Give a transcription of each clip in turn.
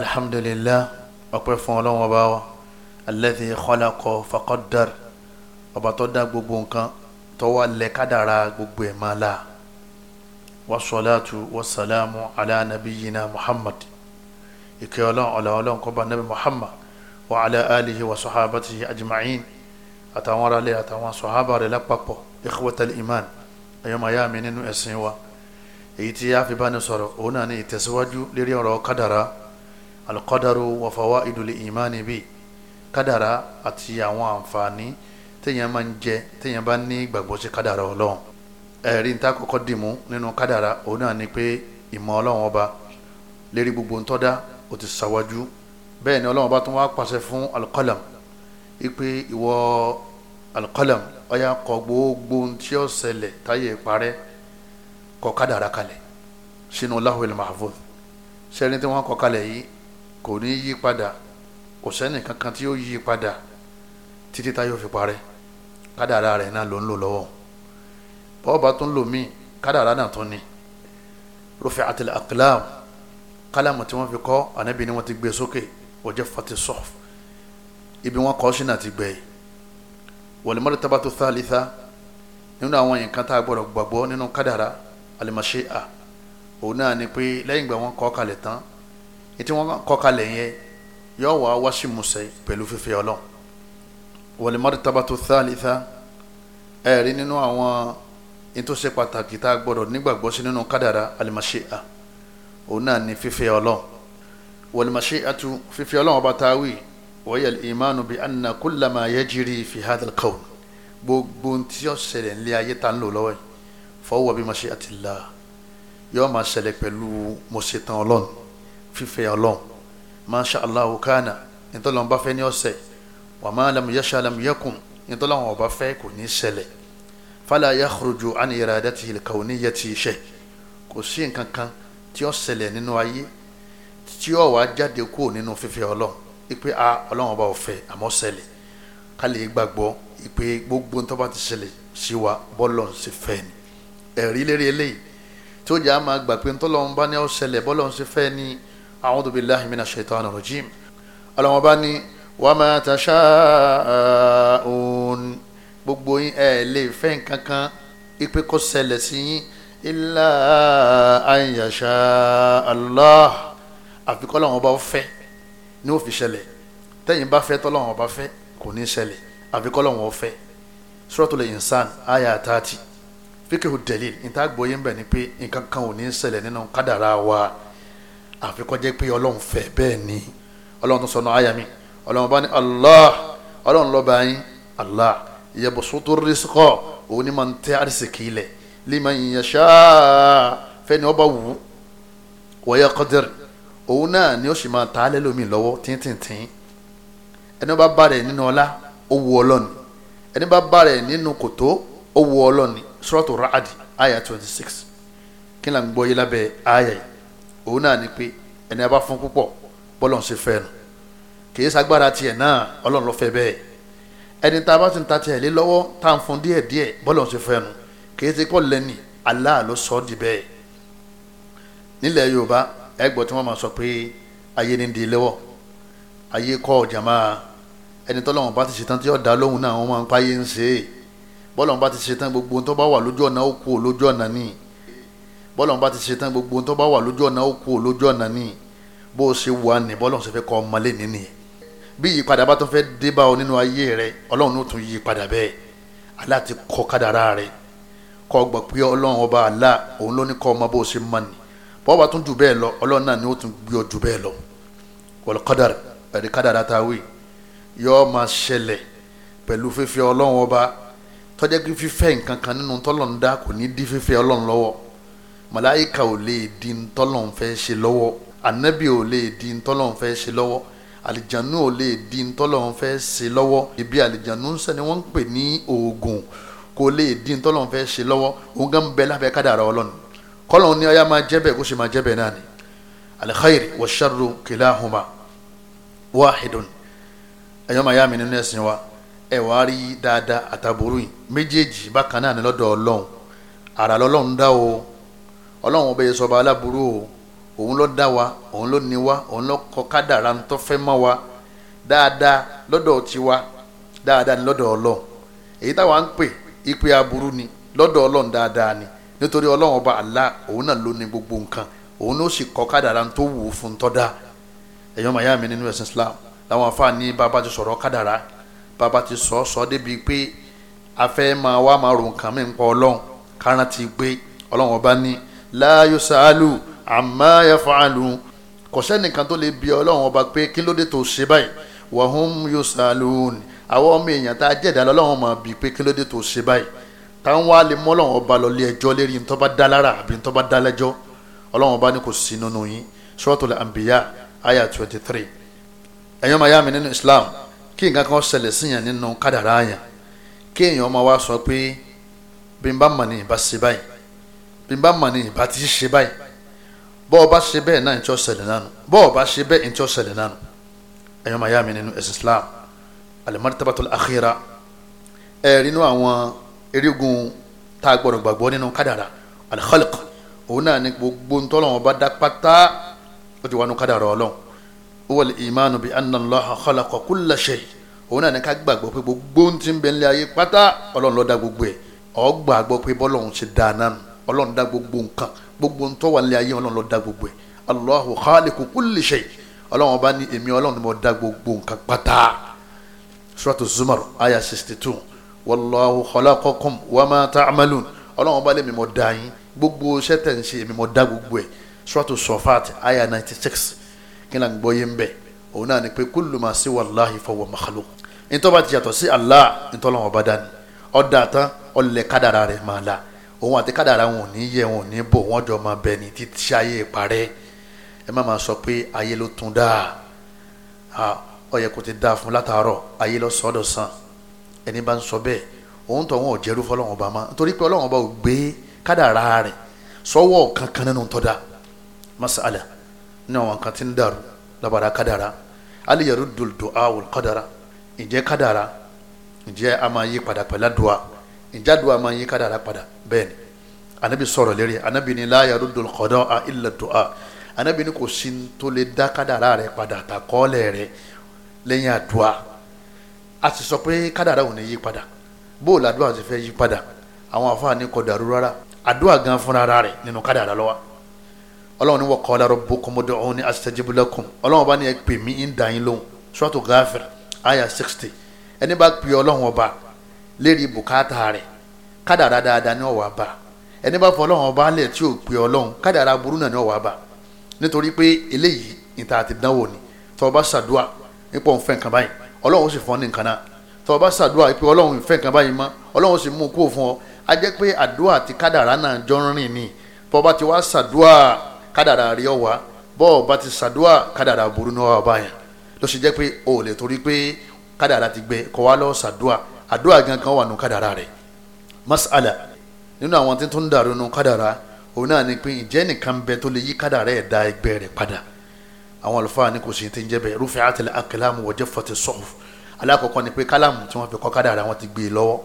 alhamdulilah ọpẹ́ fún Ọlọ́run ọba wa alladhi khalaqa faqaddar ọba tó dá gbogbo nǹkan tó wà lẹ kádàrá gbogbo ẹ̀ máa la wasalaatu wasalaamu ala nabiyina muhammad ìkẹ́ Ọlọ́run ọlá Ọlọ́run kó bá nabi muhammad wa ala alihi wa sahabatihi ajma'in àtàwọn aráàlẹ àtàwọn sọhábà rẹ̀ lápapọ̀ ikhwatal iman ẹyọ mi nínú ẹsìn wa èyí tí a fi bá ní sọ̀rọ̀ òun náà ní ìtẹ̀síwájú lérí ọ̀rọ̀ kádàrá alukọ́dàrú wa fawaidul ìmánì bíi kádàrá àti àwọn àǹfààní téèyàn máa ń jẹ téèyàn bá ní ìgbàgbọ́ sí kádàrá ọlọ́run ẹ̀rí ń ta kọ́kọ́ dìmú nínú kádàrá òun náà ni pé ìmọ̀ ọlọ́run ọba lérí gbogbo ntọ́dá ó ti ṣàwájú bẹ́ẹ̀ ni ọlọ́run ọba tún wá pàṣẹ fún alukọ́làm ipe ìwọ alukọ́làm ọ̀yà kọ gbogbo tí ó ṣẹlẹ̀ táyé parẹ́ kọ kádàrá kalẹ̀ sínú lahul mahfuz sẹ́ni tí wọ́n kọ kalẹ̀ kò ní yí padà kò sẹ́ni kankan tí ó yí padà títí tá yóò fi parẹ́ kádàrá rẹ̀ náà ló ń lò lọ́wọ́ bọ́ọ̀bà tó ń lò míì kádàrá náà tó ní rufi'atil aqlam kálámù tí wọ́n fi kọ́ ànábì ni wọ́n ti gbé sókè wajaffati suhuf ibi wọn kọ́ sínú àti gbẹ̀yìn wal martabatu thalitha nínú àwọn nǹkan tá a gbọ́dọ̀ gbàgbọ́ nínú kádàrá al-mashi'a òun náà ni pé lẹ́yìn ìgbà wọn kọ́ kalẹ̀ tán ètí wọn kọkalẹ̀ yẹn yọ wà wáṣí musẹ pẹ̀lú fífẹ́ ọlọ́run wọlé martabatu thalitha ẹ̀rí nínú àwọn ìtòsí pàtàkì tá a gbọ́dọ̀ nígbàgbọ́ sí nínú kádàrá alimashia òun náà ní fífẹ́ ọlọ́run wọlé mashiatu fífẹ́ ọlọ́run ọba táwí wọ́yẹ̀ ìmánu bíi anna kullama yajiri fi hadal gbogbo tí ó ṣẹlẹ̀ nílé ayé tá ń lò lọ́wọ́ yìí fọwọ́ bí mashiatillah yọ máa ṣẹlẹ̀ pẹ̀lú mọ̀ṣetán ọlọ́run fífẹ́ ọlọ́run masha allah kana ntọ́lọ́n bá fẹ́ ní ọ̀sẹ̀ wà má lam yasha lam yakun ntọ́lọ́n ọba fẹ́ kò ní ṣẹlẹ̀ fala yakhruju an iradatihi al-kawniyati shay kò sí nǹkan kan tí ó ṣẹlẹ̀ nínú ayé tí ó wàá jáde kúrò nínú fífẹ́ ọlọ́run ipe a ọlọ́run ọba ọ̀fẹ́ àmọ́ ṣẹlẹ̀ ká gbàgbọ́ ipe gbogbo ntọ́ bá ti ṣẹlẹ̀ sí a'udhu billahi minash shaitani rajim ọlọ́wọ́n bá ní wa ma tasha'un gbogbo yín ẹ̀ lè fẹ́ nǹkan kan ipe kó ṣẹlẹ̀ sí yín illa an yasha Allah àfikọ́ lọ́wọ́n bá fẹ́ ní ó fi ṣẹlẹ̀ tẹ́yìn bá fẹ́ tọ́lọ́wọ́n bá fẹ́ kò ní ṣẹlẹ̀ àfikọ́ lọ́wọ́n fẹ́ suratul insan aya tààtì fíkẹ́hù dẹ̀líl ìta gbọ́yé ń bẹ̀ ni pé nǹkan kan ò ní ṣẹlẹ̀ nínú kádàrá wa àfi kó jẹ́ pé ọlọ́run fẹ́ bẹ́ẹ̀ ni ọlọ́run tó sọnù àyà mi ọlọ́run bá ní allah ọlọ́run lọ́ba yín allah yabsutu rizqa òun ni máa ń tẹ́ àrísìkì ilẹ̀ liman yasha fẹ́ni ọba wù wa yaqdir òun náà ni ó sì máa ta á lẹ́lòmí lọ́wọ́ tíntìntín ẹni bá bá rẹ̀ nínú ọlá ó wu ọlọ́ni ẹni bá bá rẹ̀ nínú kòtó ó wu ọlọ́ni suratu ra'adi ayah twenty six kí ni à ń gbọ́ yìí lábẹ́ ayah yìí òun náà ni pé ẹni a bá fún púpọ̀ bọ́lọ̀ ń ṣe fẹ́ nu kìí sagbára tiẹ̀ náà ọlọ́run ló fẹ́ bẹ́ẹ̀ ẹni tá a bá ti ń ta tiẹ̀ lé lọ́wọ́ tá à ń fún díẹ̀ díẹ̀ bọ́lọ̀ ń ṣe fẹ́ kìí ti pọ̀ lẹ́nì Allah ló sọ ọ́ di bẹ́ẹ̀ nílẹ̀ Yorùbá ẹgbọ́ tí wọ́n máa sọ pé ayé ni di lẹ́wọ̀ ayé kọ́ ọ̀jà máa ẹni tọ́lọ́run bá ti ṣetán tí ọ̀dà lóhùn náà wọ́n máa ń páyé ń ṣe é bá ti ṣetán gbogbo tó bá wà lójú ọ̀nà ó kú lójú ọ̀nà nìyí bọ́lọ̀ bá ti ṣetán gbogbo tó bá wà lójú ọ̀nà ó kú lójú ọ̀nà ní bó o ṣe wà ní bọ́lọ̀ ṣe fẹ́ kọ́ ọmọlé níní bí ìyípadà bá tó fẹ́ dé bá ọ nínú ayé rẹ ọlọ́run ó tún yí padà bẹ́ẹ̀ Allah ti kọ kádàrá rẹ kọ́ gbọ́ pé ọlọ́run ọba Allah òun ló ní kọ́ ọmọ bó o ṣe mọ ni bọ́ọ̀ bá tún jù bẹ́ẹ̀ lọ ọlọ́run náà ni ó tún gbé ọ jù bẹ́ẹ̀ lọ wal qadar màláyíkà ò lè di ntọ́lọ́n fẹ́ ṣe lọ́wọ́ ànábì ò lè di ntọ́lọ́n fẹ́ ṣe lọ́wọ́ àlìjánu ò lè di ntọ́lọ́n fẹ́ ṣe lọ́wọ́ ibi àlìjánu ń sẹ́ni wọ́n ń pè ní oògùn kò lè di ntọ́lọ́n fẹ́ ṣe lọ́wọ́ òun gan bẹ lábẹ́ kádàrá ọlọ́run kọ́lọ́n ní ọyá máa jẹ́ bẹ́ẹ̀ kó ṣe máa jẹ́ bẹ́ẹ̀ náà ni alikhairi wa sharru kilahuma wahidun ẹ̀yọ́ máa yá mi nínú ẹ̀sìn wa ẹ̀ wá rí dáadáa àtàbúrú yìí méjèèjì bákan náà ni lọ́dọ̀ ọlọ́run àrà dá o ọlọ́run ọba yẹn sọba aláburú o òun ló dá wa òun ló ní wa òun ló kọ kádàrá ń tọ́ fẹ́ mọ́ wa dáadáa lọ́dọ̀ tiwa dáadáa ni lọ́dọ̀ ọlọ́run èyí táwa ń pè ìpè aburú ni lọ́dọ̀ ọlọ́run dáadáa ni nítorí ọlọ́run ọba Allah òun náà ló ní gbogbo nǹkan òun ló sì kọ kádàrá tó wù ú fún tọ́da ẹ̀yọ́ màyá mi nínú ẹ̀sìn Islam làwọn afáàní bàbá ti sọ̀rọ̀ kádàrá bàbá ti sọ sọ débi pé afẹ́ máa wá máa rò nǹkan mi ń pọ̀ ọlọ́run káràntì gbé ọlọ́run ọba ní la yusalu amma yafalu kò sẹ́nìkan tó lè bi ọlọ́run ọba pé kí ló dé tó ṣe báyìí wa hum yusalun àwọn ọmọ èèyàn tá a jẹ̀dá lọ́lọ́run máa bi pé kí ló dé tó ṣe báyìí táwọn wá lè mọ́ ọlọ́run ọba lọ lé ẹjọ́ lérí ntọ́ bá dá lára àbí ntọ́ bá dá ọlọ́run ọba ní kò sí nínú yín Suratul Anbiya aya twenty three ẹ̀yọ́ máa yá mi nínú bí n bá mà ní ìbá ti ṣe báyìí bọ́ ọ bá ṣe bẹ́ẹ̀ náà ìtọ́ ṣẹlẹ̀ nánu bọ́ ọ bá ṣe bẹ́ẹ̀ ìtọ́ ṣẹlẹ̀ nánu ẹ̀yọ́ màá yá mi nínú ẹ̀sìn Islam al-martabatul akhira ẹ̀ nínú àwọn erigun tá a gbọ́dọ̀ gbàgbọ́ nínú kádàrà al-khalq òun náà ni gbogbo ntọ́lọ́wọ́n bá dá pátá ó ti wà nù kádàrà ọlọ́run wọ́n ìmánu bí anna Allaha ọlọ́run dá gbogbo nǹkan gbogbo ntọ́ wà nílé ayé ọlọ́run ló dá gbogbo ẹ̀ allahu khaliqu kulli shay ọlọ́run ọba ní èmi ọlọ́run ni mo dá gbogbo nǹkan pátá suratu zumar aya sixty two wallahu khalaqakum wama ta'malun ọlọ́run ọba lèmi mo dá yín gbogbo sẹ́tẹ̀ ń ṣe èmi mo dá gbogbo ẹ̀ suratu sofat aya ninety six kí ni à ń bẹ̀ òun náà ni pé kullu ma siwa Allahi fa huwa ntọ́ bá ti yàtọ̀ sí Allah ntọ́ ọlọ́run ọba dání ọ̀dà tán ọ̀lẹ̀ kádàrà rẹ̀ máa la òun àti kádàrá wọn ò ní yẹ wọn ò ní bò wọn jọ máa bẹ ní títí ayé ìparẹ́ ẹ má máa sọ pé ayé ló tún dáa ó yẹ kó ti dáa fún látàárọ̀ ayé lọ sọ́dọ̀ sàn ẹni bá ń sọ bẹ́ẹ̀ òun tó wọn ò jẹ́rú fọlọ́wọn ọba mọ́ nítorí pé ọlọ́wọn ọba ò gbé kádàrá rẹ̀ sọ́wọ́ kankan nínú tọ́da masala ní àwọn kan ti ń dàrú labara kádàrá ali dùl du'a wal kádàrá ǹjẹ́ kádàrá ǹjẹ́ a máa yí padà pẹ̀lú àdúrà ìjádùn àmọ́ yín kádàrá padà bẹ́ẹ̀ ni anabi sọ̀rọ̀ lérí anabi ni la yaruddul qada'a illa du'a anabi ni kò sí tó lè dá kádàrá rẹ padà tàkọ́ọ́lẹ̀ rẹ lẹ́yìn àdúrà a ti sọ pé kádàrá ò ní yí padà bóòlù àdúrà ti fẹ́ yí padà àwọn àfáàní kò dàrú rárá àdúrà gan fúnra rẹ nínú kádàrá ló wà ọlọ́run ni wa qala rabbukum ud'uni astajib lakum ọlọ́run bá ọlọ́run lérí bùkátà rẹ̀ kádàrá dáadáa ní ọ̀wà bá ẹni bá fọ ọlọ́run ọba lẹ̀ tí ò pé ọlọ́run kádàrá burú náà ní ọ̀wà bá nítorí pé eléyìí ìta àti dánwò ni tọ́ ọba ṣàdúà nípa òun fẹ́ nǹkan báyìí ọlọ́run sì fọ́n ní nǹkan náà tọ́ ọba ṣàdúà pé ọlọ́run nǹkan báyìí mọ́ ọlọ́run sì mú un kó fún ọ a jẹ́ pé àdúà àti kádàrá náà jọ ni tọ́ ọba ti wá ṣàdúà kádàrá rí ọ̀wà bọ́ ọba ti ṣàdúà kádàrá burú ní ọ̀wà báyìí ló sì jẹ́ pé o ò lè torí pé kádàrá ti gbẹ kọ́ wa lọ́ọ́ ṣàdúà àdúrà gankan wà nù kádàrà rẹ̀ masala nínú àwọn tí tó ń dàrú nù kádàrà òun náà ni pé ìjẹ́ nìkan bẹ tó lè yí kádàrà ẹ̀ da ẹgbẹ́ rẹ̀ padà àwọn àlùfáà ní kò sí ti ń jẹ́ bẹ́ẹ̀ rúfẹ́ àtẹlẹ akẹlámù wa jaffati suhuf alákọ̀ọ́kọ́ ni pé kálámù tí wọ́n fi kọ́ kádàrà wọn ti gbé e lọ́wọ́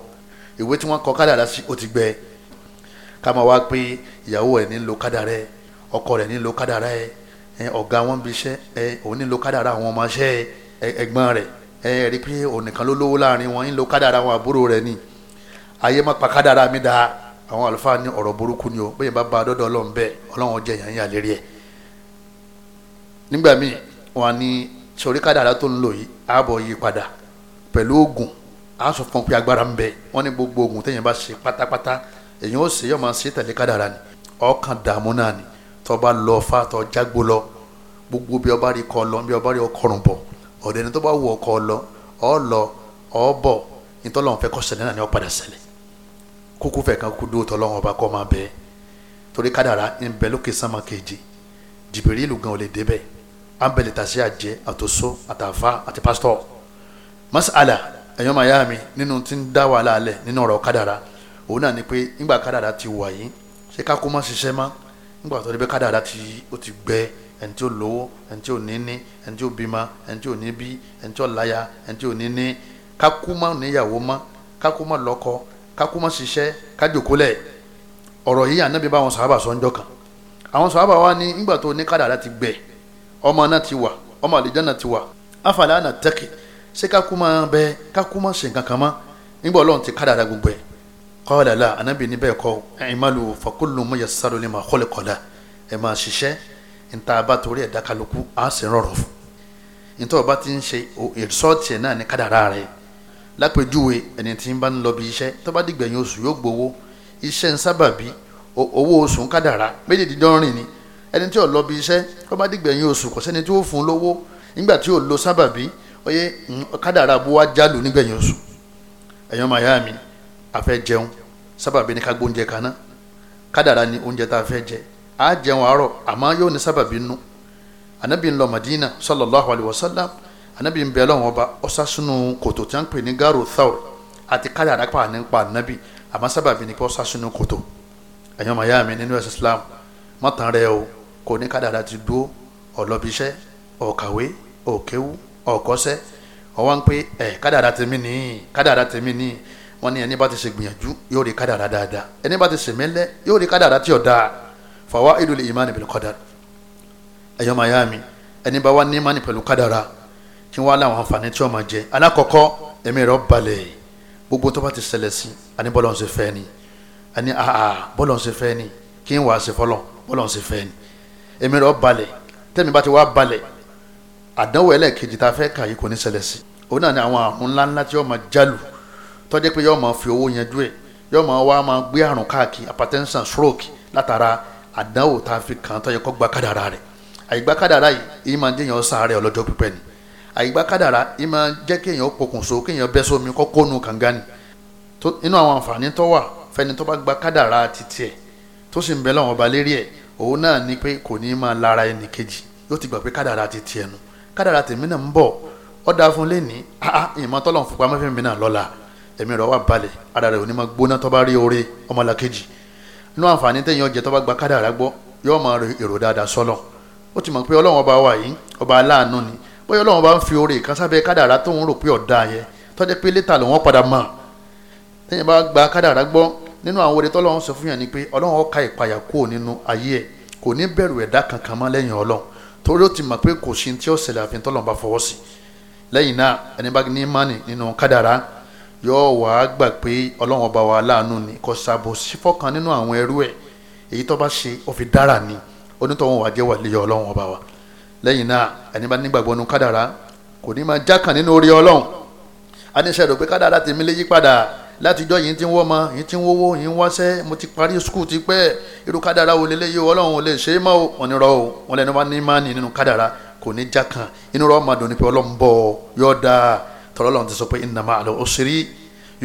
ìwé tí wọ́n kọ́ kádàrà sí ó ti gbẹ ká wá pé ìyàwó ẹ̀ ní lo kádàrà ọkọ ẹ rí pé òun ló lówó láàrin wọn ń lo kádàrà wọn àbúrò rẹ ni ayé má pa kádàrà mi da àwọn àlùfáà ní ọ̀rọ̀ burúkú ni o bẹ́ẹ̀ bá ba dọ́dọ̀ ọlọ́run bẹ́ẹ̀ ọlọ́run jẹ yàn yàn lérí ẹ̀ nígbà míì wọn ní sọrí kádàrà tó ń lò yìí ààbọ̀ yí padà pẹ̀lú oògùn a sọ pé agbára ń bẹ wọn gbogbo oògùn bá ṣe pátápátá èyàn ó ṣe yọ máa ṣe tẹ̀lé ni ọkàn dààmú náà ni lọ fa jágbó lọ gbogbo bí ọba rí kọ lọ bí ọ̀dọ̀ ẹni tó bá wù ọkọ lọ ọ lọ ọ bọ̀ nítọ́lọ́wọ́n fẹ́ kọ́ ṣẹlẹ̀ náà ni ó padà ṣẹlẹ̀ kúkú fẹ́ kan kú dúró tọ́lọ́wọ́n ọba kọ́ máa bẹ́ẹ̀ torí kádàrá ń bẹ lókè sánmà kejì jìbìrì ìlú gan ò lè débẹ̀ àjẹ àtòsó àtàfà masala ẹ̀yọ́ màá yá mi nínú tí ń dá wàhálà alẹ̀ nínú ọ̀rọ̀ ti wà yìí ṣé ká má ṣiṣẹ́ má nígbà ẹni tí ó lówó ẹni tí ó níní ẹni tí ó bímọ ẹni tí ó níbí ẹni tí ó láya ẹni tí ó níní kákúmọ níyàwó mọ kákúmọ lọ́kọ kákúmọ ṣiṣẹ́ kájòkólẹ ọ̀rọ̀ yìí ànábi bá àwọn sàhábà sọ ńjọ́ kan àwọn sàhábà wa ní ńgbà tó ní kádàrá ti gbẹ ọmọ náà ti wà ọmọ àlìjánnà ti wà afàlẹ́ àná tẹ́kì ṣé kákúmọ bẹ kákúmọ ṣe nǹkan kan mọ́ ọlọ́run ti kádàrá gbogbo ẹ̀ kọ́ọ̀dà la ànábi níbẹ̀ kọ́ ẹ̀ ìmàlù fakulu mọ̀yẹ́sálólé máa kọ́lẹ̀kọ́lá ẹ̀ máa ṣiṣẹ́ níta bá torí ẹ̀dá kálukú á sì rọrọ̀ fún níta ọba ti ń ṣe ìrìsọ́ọ̀tì ẹ̀ náà ní kádàrá rẹ̀ lápèjúwe ẹni tí ń bá ń lọ bí iṣẹ́ tó bá dìgbẹ̀yìn oṣù yóò gbowó iṣẹ́ ń sábàbí owó oṣù ń kádàrá méjèèjì dánrin ni ẹni tí ò lọ bí iṣẹ́ tó bá dìgbẹ̀yìn oṣù kò sẹ́ni tí ó fún lówó nígbà tí ò lo sábàbí oyè kádàrá bó wá jálù nígbẹ̀yìn oṣù ẹ̀yọ́ mayami afẹ́ jẹun sábàbí ni ká gbóúnjẹ kaná kádàrá ni oúnjẹ tá a fẹ́ jẹ á jẹun àárọ̀ àmọ́ yóò ní sábàbí nú anabi ń lọ madina sallallahu alayhi wa sallam anabi ń bẹ lọ́wọ́ ọba ọ̀sá sínú kòtò tí wọ́n ń pè ní garo thawr àti káyà àdápà nípa anabi àmọ́ sábàbí ni pé ọ̀sá sínú kòtò ẹ̀yàn màyá mi nínú ẹ̀sìn islam mọ́tàn rẹ o kò ní kádà láti dúró ọ̀lọ́bíṣẹ́ ọ̀kàwé òkéwú ọ̀kọ́sẹ́ ọwọ́n pé ẹ̀ kádàrá tèmi nìyí kádàrá tèmi nìyí wọ́n ní ẹni bá ti ṣe yóò rí kádàrá dáadáa ẹni bá ti ṣe yóò rí kádàrá tí ò dáa fawa fawaidul imani bil qadar ayo mayami ẹni bá wà ní imani pẹ̀lú kádàrà kí wọ́n á láwọn àǹfààní tí wọ́n máa jẹ alákọ̀ọ́kọ́ ẹ̀mí rẹ̀ balẹ̀ gbogbo tó bá ti ṣẹlẹ̀ sí àní bọ́lọ̀ ń ṣe fẹ́ ni àní àà bọ́lọ̀ ń ṣe fẹ́ ni kí n wàá ṣe fọlọ́ bọ́lọ̀ ń ṣe fẹ́ ni ẹ̀mí rẹ̀ balẹ̀ tẹ́mi bá ti wá balẹ̀ àdánwò ẹlẹ́ẹ̀kejì tá a fẹ́ kà yìí kò ní ṣẹlẹ̀ sí òun náà ni àwọn àrùn ńláńlá tí yóò máa jálù tó jẹ́ pé yóò máa fi owó yanjú ẹ̀ yóò máa wá máa gbé àrùn káàkiri hypertension stroke látara àdánwò tá a fi kàn tó yẹ kó gba kádàrà rẹ̀ àyígbá kádàrà yìí èyí máa ń jẹ́ èèyàn sáré ọlọ́jọ́ pípẹ́ ni àyígbá kádàrà yìí máa ń jẹ́ kéèyàn pokùnso kéèyàn bẹ́ sómi kọ́kọ́ nu kànga ni inú àwọn àǹfààní tó wà fẹ́ni tó bá gba kádàrà títí ẹ̀ tó sì ń bẹ lọ́wọ́n ọba lérí ẹ̀ òun náà ni pé kò ní máa lára ẹnì kejì yóò ti gbà pé kádàrà títí nu kádàrà tèmi náà ń bọ̀ ọ́ dáa fún lẹ́ni ìmọ̀ tọ́lọ́ inú àǹfààní tẹ̀yìn ọjẹ́ tó bá gba kádàrá gbọ́ yóò máa rí èrò dáadáa sọ́lọ̀ ó ti mọ̀ pé ọlọ́run ọba wa yìí ọba aláàánú ni bóyá ọlọ́run bá ń fi oore kan sábẹ́ kádàrá tó ń rò pé ọ̀dà yẹ tó jẹ́ pé létà lòun padà mọ̀ tẹ́yìn bá gba kádàrá gbọ́ nínú àwọn oore tọ́lọ́run sọ fún yàn ni pé ọlọ́run ó ka ìpayà kúrò nínú ayé ẹ̀ kò ní bẹ̀rù ẹ̀dá kankan mọ́ lẹ́yìn ọlọ́run torí ó ti mọ̀ pé yóò wá gbà pé ọlọ́run ọba wa láàánú ni kò ṣàbòsí fọ́kan nínú àwọn ẹrú ẹ̀ èyí tó bá ṣe ó fi dára ni onítọ̀hún wà jẹ́ wàlẹ́ ọlọ́run ọba wa lẹ́yìn náà ẹni bá nígbàgbọ́ nu kádàrá kò ní máa jákàn nínú orí ọlọ́run a ní sẹ́dọ̀ pé kádàrá ti mi yí padà látijọ́ yìí ti ń wọ́ yìí ti ń wówó yìí ń wáṣẹ́ mo ti parí skul ti pẹ́ irú kádàrá wo lélẹ́yìí ọlọ́run ò lè ṣe é mọ́ o wọn ni rọ o wọn lẹ́nu bá ní má ní nínú kádàrá kò ní jákàn inú rọ ọmọdún ni pé ọlọ́run bọ̀ yọ̀ọ́ dáa tọ́lọ́lọ́n ti sọ pé inna ma'a al-usri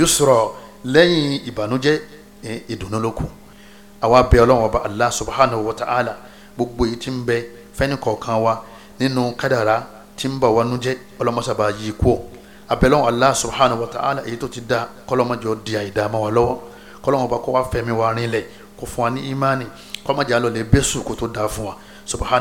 yusra lẹ́yìn ìbànújẹ́ ìdùnnú ló kù àwa bẹ ọlọ́run ọba allah subhanahu wa ta'ala gbogbo èyí tí ń bẹ fẹ́ni kọ̀ọ̀kan wa nínú kádàrá tí ń bà wá nújẹ́ ọlọ́mọṣàbà yìí kú abẹ́lọ́run allah subhanahu wa ta'ala èyí tó ti da kọ́lọ́mọjọ di àìdààmú wa lọ́wọ́ kọ́lọ́run ọba kó wá fẹ̀mí wa rinlẹ̀ kó fún wa ní ìmánì kọ́mọjà lọ lè bẹ́sù kó tó dáa fún wa subhanahu.